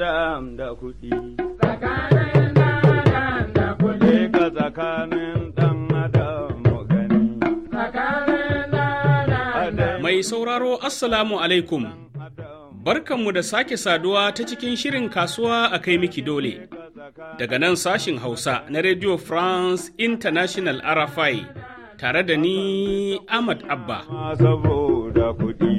dam da kuɗi. Mai sauraro Assalamu alaikum. Barkanmu da sake saduwa ta cikin shirin kasuwa a kai miki dole. Daga nan sashin Hausa na Radio France International RFI tare da ni Ahmad Abba. Saboda kuɗi.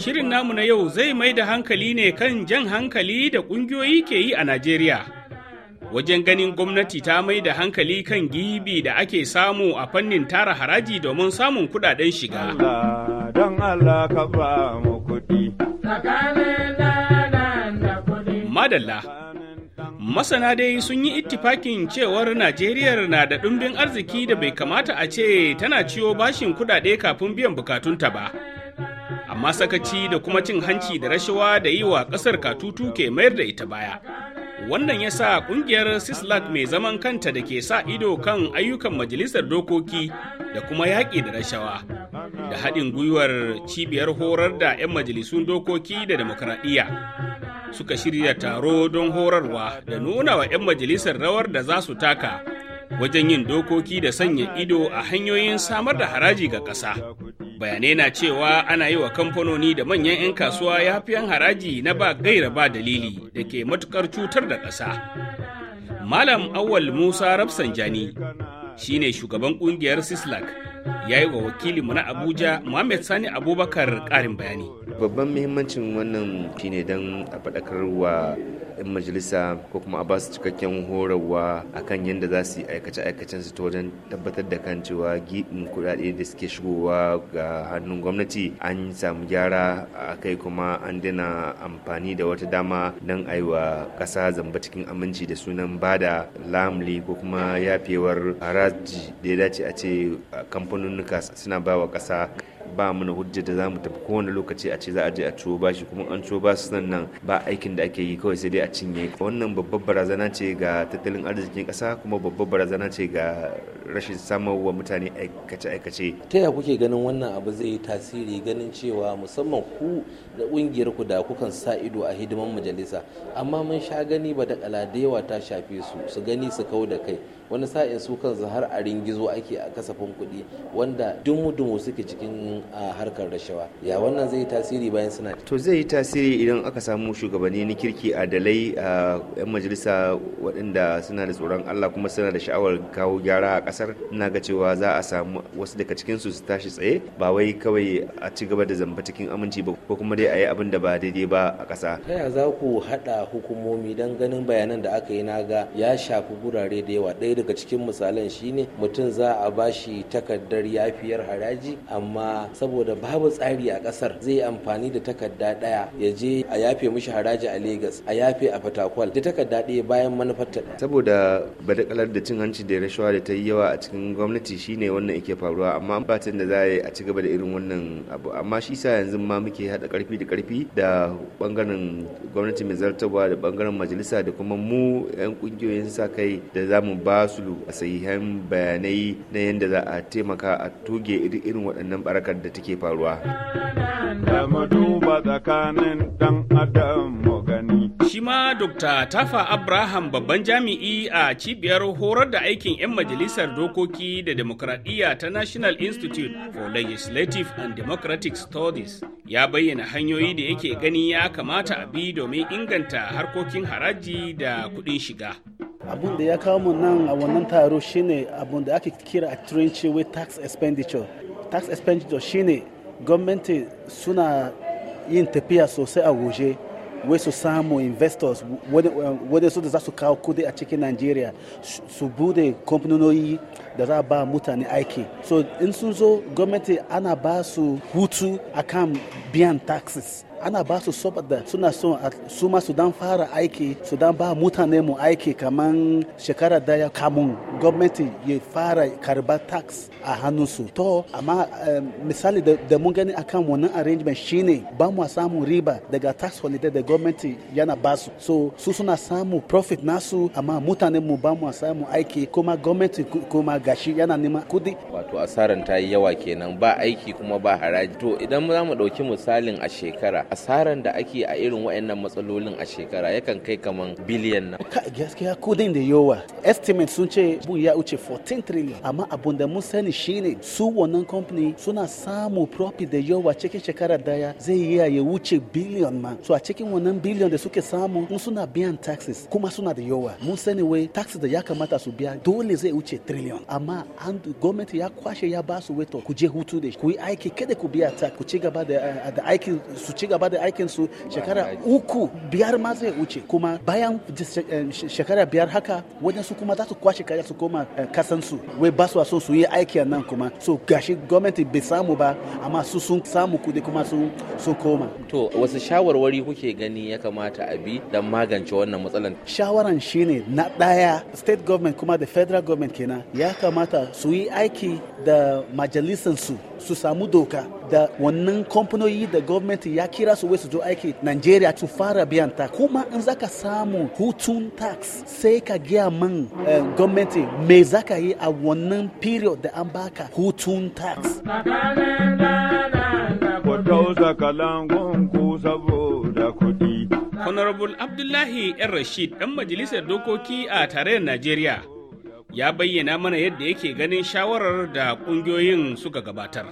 Shirin namu na yau zai mai da hankali ne kan jan hankali da ƙungiyoyi ke yi a Najeriya. Wajen ganin gwamnati ta mai da hankali kan gibi da ake samu a fannin tara haraji domin samun kudaden shiga. Madalla, masana dai sun yi ittifakin cewar Najeriya na da ɗumbin arziki da bai kamata a ce tana ciwo bashin kudade kafin biyan bukatunta ba. amma sakaci da kuma cin hanci da rashawa da yi wa ƙasar katutu ke mayar da ita baya wannan ya sa ƙungiyar sislak mai zaman kanta da ke sa ido kan ayyukan majalisar dokoki da kuma yaƙi da rashawa da haɗin gwiwar cibiyar horar da 'yan majalisun dokoki da demokradiyya suka shirya taro don horarwa da nuna wa 'yan majalisar rawar da za su taka wajen yin dokoki da sanya ido a hanyoyin samar da haraji ga ƙasa. bayanai na cewa ana yi wa kamfanoni da manyan 'yan kasuwa ya fiyan haraji na ba gaira ba dalili da ke matukar cutar da ƙasa malam awal musa rafsanjani ne shugaban kungiyar sislak ya yi wa wakilinmu na abuja muhammad sani abubakar ƙarin bayani babban muhimmancin wannan shine don a faɗakar wa 'yan majalisa ko kuma a ba su cikakken horarwa akan yadda za su yi aikace-aikacen su ta wajen tabbatar da kan cewa gibin kuɗaɗe da suke shigowa ga hannun gwamnati an samu gyara a kai kuma an daina amfani da wata dama don a yi wa ƙasa zamba cikin aminci da sunan bada lamli ko kuma yafewar haraji da ya dace a ce kamfanonuka suna ba wa ƙasa ba mu na hujjar da za mu tafi kowane lokaci a ce za a je a ciwo bashi kuma an ciwo basu sannan ba aikin da ake yi kawai sai dai a cinye wannan babbar barazana ce ga tattalin arzikin kasa kuma babbar barazana ce ga rashin samar wa mutane aikace-aikace ta ya kuke ganin wannan abu zai yi tasiri ganin cewa musamman ku da kungiyar ku da kukan sa ido a hidiman majalisa amma mun sha gani ba da kala da yawa ta shafe su su gani su kau da kai wani sa'in su kansu har a ringizo ake a kasafin kuɗi wanda dumu-dumu suke cikin harkar rashawa ya wannan zai yi tasiri bayan suna to zai yi tasiri idan aka samu shugabanni na kirki a dalai a yan majalisa waɗanda suna da tsoron allah kuma suna da sha'awar kawo gyara a ƙasar ina ga cewa za a samu wasu daga cikin su su tashi tsaye ba wai kawai a ci gaba da zamba cikin aminci ba ko kuma dai a yi abin da ba daidai ba a ƙasa ta ya za ku haɗa hukumomi don ganin bayanan da aka yi na ga ya shafi gurare da yawa ɗaya daga cikin misalan shine mutum za a bashi takardar yafiyar haraji amma saboda babu tsari a kasar zai amfani da takarda daya ya je a yafe mishi haraji a Legas a yafe a Fatakwal da takarda daya bayan manufarta daya. saboda badakalar da cin hanci da rashawa da ta yi yawa a cikin gwamnati shine wannan yake faruwa amma ba da za a ci gaba da irin wannan abu amma shi sa yanzu ma muke hada karfi da karfi da bangaren gwamnati mai zartarwa da bangaren majalisa da kuma mu yan kungiyoyin sa kai da zamu ba tasulu a sahihan bayanai na yadda za a taimaka a toge irin waɗannan barakar da take faruwa. Shi ma Dr. Tafa Abraham babban jami'i a cibiyar horar da aikin 'yan majalisar dokoki da demokradiyya ta National Institute for Legislative and Democratic Studies ya bayyana hanyoyi da yake gani ya kamata a bi domin inganta harkokin haraji da kuɗin shiga. abun da ya kawo nan a wannan taro shine abun da ake kira a turanci wai tax expenditure tax expenditure shine gwamnati suna yin tafiya sosai a waje wai su samu investors su da za su kawo kudi a cikin nigeria su bude kamfanoni da za ba mutane aiki so in sun zo gwamnati ana ba su hutu akan biyan taxes ana ba su saboda suna so su ma su dan fara aiki su dan ba mutane mu aiki kaman shekara daya kamun gwamnati ya fara karba tax a hannun su to amma eh, misali da mun gani akan wannan arrangement shine ba mu samun riba daga tax holiday da gwamnati yana ba su so su suna samu profit nasu amma mutane mu ba mu samu aiki kuma gwamnati kuma gashi yana neman kudi wato asaran ta yi yawa kenan ba aiki kuma ba haraji to idan za mu ɗauki misalin a shekara asaran da ake a irin waɗannan matsalolin a shekara yakan kai kaman biliyan na. gaskiya kudin da yawa estimate sun ce bu ya wuce 14 trillion amma abun da mun sani shine su wannan company suna samu profit da yawa cikin shekara daya zai iya ya wuce billion ma so a cikin wannan billion da suke samu in suna biyan taxes kuma suna da yawa mun sani wai taxes da ya kamata su biya dole zai wuce trillion amma an gwamnati ya kwashe ya ba su wato ku je hutu da ku yi aiki kada ku biya ta ku ci gaba eh, da aiki su ci gaba gaba da aikin su shekara uku biyar ma zai wuce kuma bayan eh, shekara biyar haka su kuma za su kwashe kaya su koma eh, kasan su wai ba su so su yi aiki nan kuma so gashi gwamnati bai samu ba amma su sun samu kudi kuma su su koma to wasu shawarwari kuke gani ya kamata a bi don magance wannan matsalan shawaran shine na daya state government kuma da federal government kenan ya kamata su yi aiki da majalisansu su su samu doka da wannan kamfanoni da gwamnati ya kira su wai su zo aiki Najeriya su fara biyan ta kuma in zaka samu hutun tax sai ka gaya man eh, gwamnati me zaka yi a wannan period da an baka hutun tax. Honorable Abdullahi ‘yan Rashid ɗan majalisar dokoki a tarayyar Najeriya. ya bayyana mana yadda yake ganin shawarar da ƙungiyoyin suka gabatar.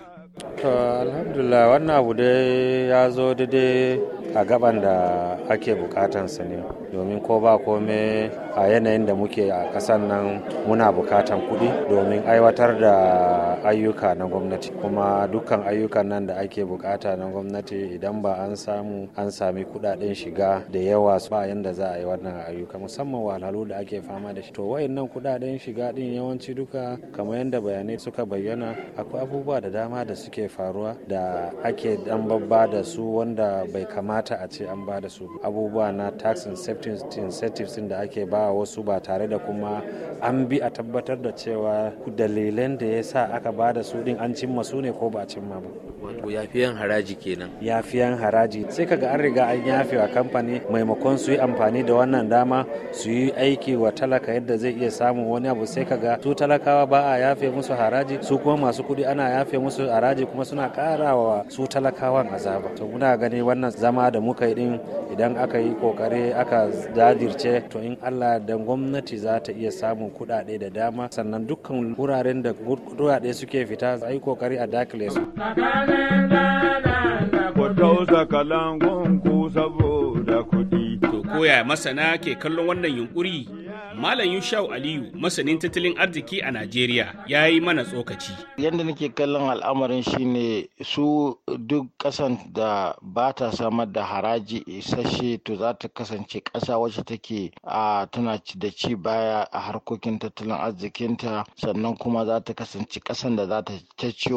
To alhamdulillah wannan abu dai ya zo daidai a gaban da ake bukatansa ne domin ko ba kome a yanayin da muke a kasan nan muna bukatan kuɗi domin aiwatar da ayyuka na gwamnati kuma dukkan ayyukan nan da ake bukata na gwamnati idan ba an samu an sami kuɗaɗen shiga da yawa ba yanda za a yi wannan ayyuka musamman wahalhalu da ake fama da shi to nan kuɗaɗen shiga ɗin yawanci duka kamar yadda bayanai suka bayyana akwai abubuwa da dama da suke faruwa da ake dan babba da su wanda bai kamata kamata a ce an ba da su abubuwa na tax incentives din da ake ba wasu ba tare da kuma an bi a tabbatar da cewa dalilan da ya sa aka ba da su din an cimma su ne ko ba cimma ba wato yafiyan haraji kenan yafiyan haraji sai kaga an riga an yafe wa kamfani maimakon su yi amfani da wannan dama su yi aiki wa talaka yadda zai iya samun wani abu sai kaga su talakawa ba a yafe musu haraji su kuma masu kuɗi ana yafe musu haraji kuma suna ƙara wa su talakawan azaba to muna gani wannan zama da muka yi din idan aka yi kokare aka jajirce to in allah da gwamnati za ta iya samun kuɗaɗe da dama sannan dukkan wuraren da kuɗaɗe suke fita a yi kokari a dakile su koya masana ke kallon wannan yunkuri Malam Yushau Aliyu masanin tattalin arziki a Najeriya ya yi mana tsokaci. Yadda nake kallon al'amarin shine su duk ƙasan da ba ta samar da haraji isasshe to za ta kasance ƙasa wacce take a tana da ci baya a harkokin tattalin arzikinta sannan kuma za ta kasance ƙasan da za ta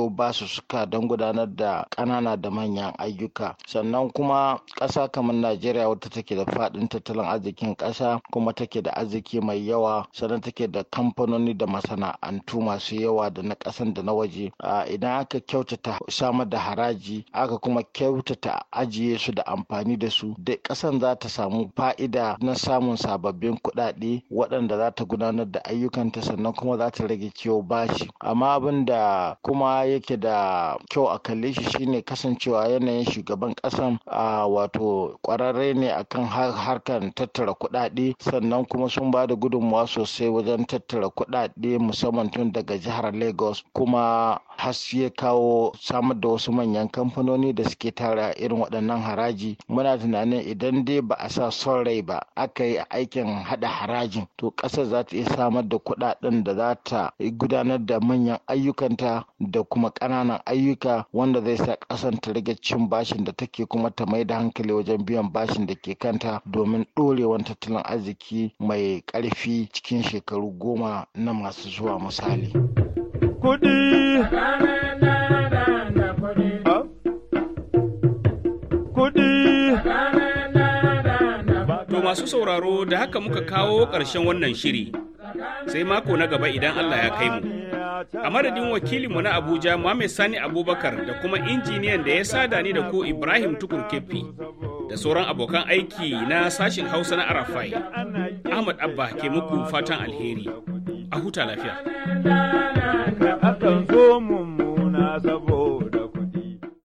ba su suka don gudanar da ƙanana da manyan ayyuka sannan kuma ƙasa kamar Najeriya wata take da faɗin tattalin arzikin ƙasa kuma take da arziki mai yawa sannan take da kamfanoni da masana'antu masu yawa da na ƙasan da na waje idan aka kyautata samar da haraji aka kuma kyautata ajiye su da amfani da su da ƙasan za ta samu fa'ida na samun sababbin kuɗaɗe waɗanda za ta gudanar da ayyukanta sannan kuma za ta rage kyau bashi amma abin da kuma yake da kyau a kalle shi shine kasancewa yanayin shugaban ƙasan wato ƙwararre ne akan harkar tattara kuɗaɗe sannan kuma sun ba da gudunmawa sosai wajen tattara kuɗaɗe musamman tun daga jihar lagos kuma haske ya kawo samar da wasu manyan kamfanoni da suke tara irin waɗannan haraji muna tunanin idan dai ba a sa son rai ba aka yi aikin haɗa harajin to ƙasar za ta iya samar da kuɗaɗen da za ta gudanar da manyan ayyukanta da kuma ƙananan ayyuka wanda zai sa ƙasar ta rage cin bashin da take kuma ta mai da hankali wajen biyan bashin da ke kanta domin ɗorewan tattalin arziki mai ƙarfi laifi cikin shekaru goma na masu zuwa misali. Kudi! Kudi! masu sauraro da haka muka kawo ƙarshen wannan shiri sai mako na gaba idan Allah ya kai mu. A madadin wakilinmu na Abuja Mohammed Sani Abubakar da kuma injiniyan da ya sada ni da ku Ibrahim Tukur Kefi. da sauran abokan aiki na sashin Hausa na Arafai. Ahmad Abba ke muku fatan alheri. A huta lafiya.